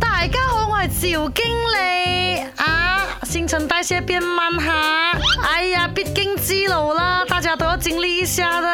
大家好，我係趙經理啊，新陳代謝變慢下，哎呀必經之路啦，大家都要經歷一下的。